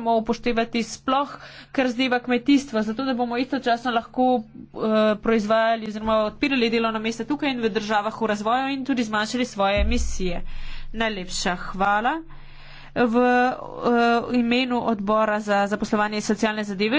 moramo upoštevati sploh, kar zdeva kmetijstvo, zato da bomo istočasno lahko uh, proizvajali oziroma odpirali delovna mesta tukaj in v državah v razvoju in tudi zmanjšali svoje emisije. Najlepša hvala. V uh, imenu odbora za zaposlovanje in socialne zadeve.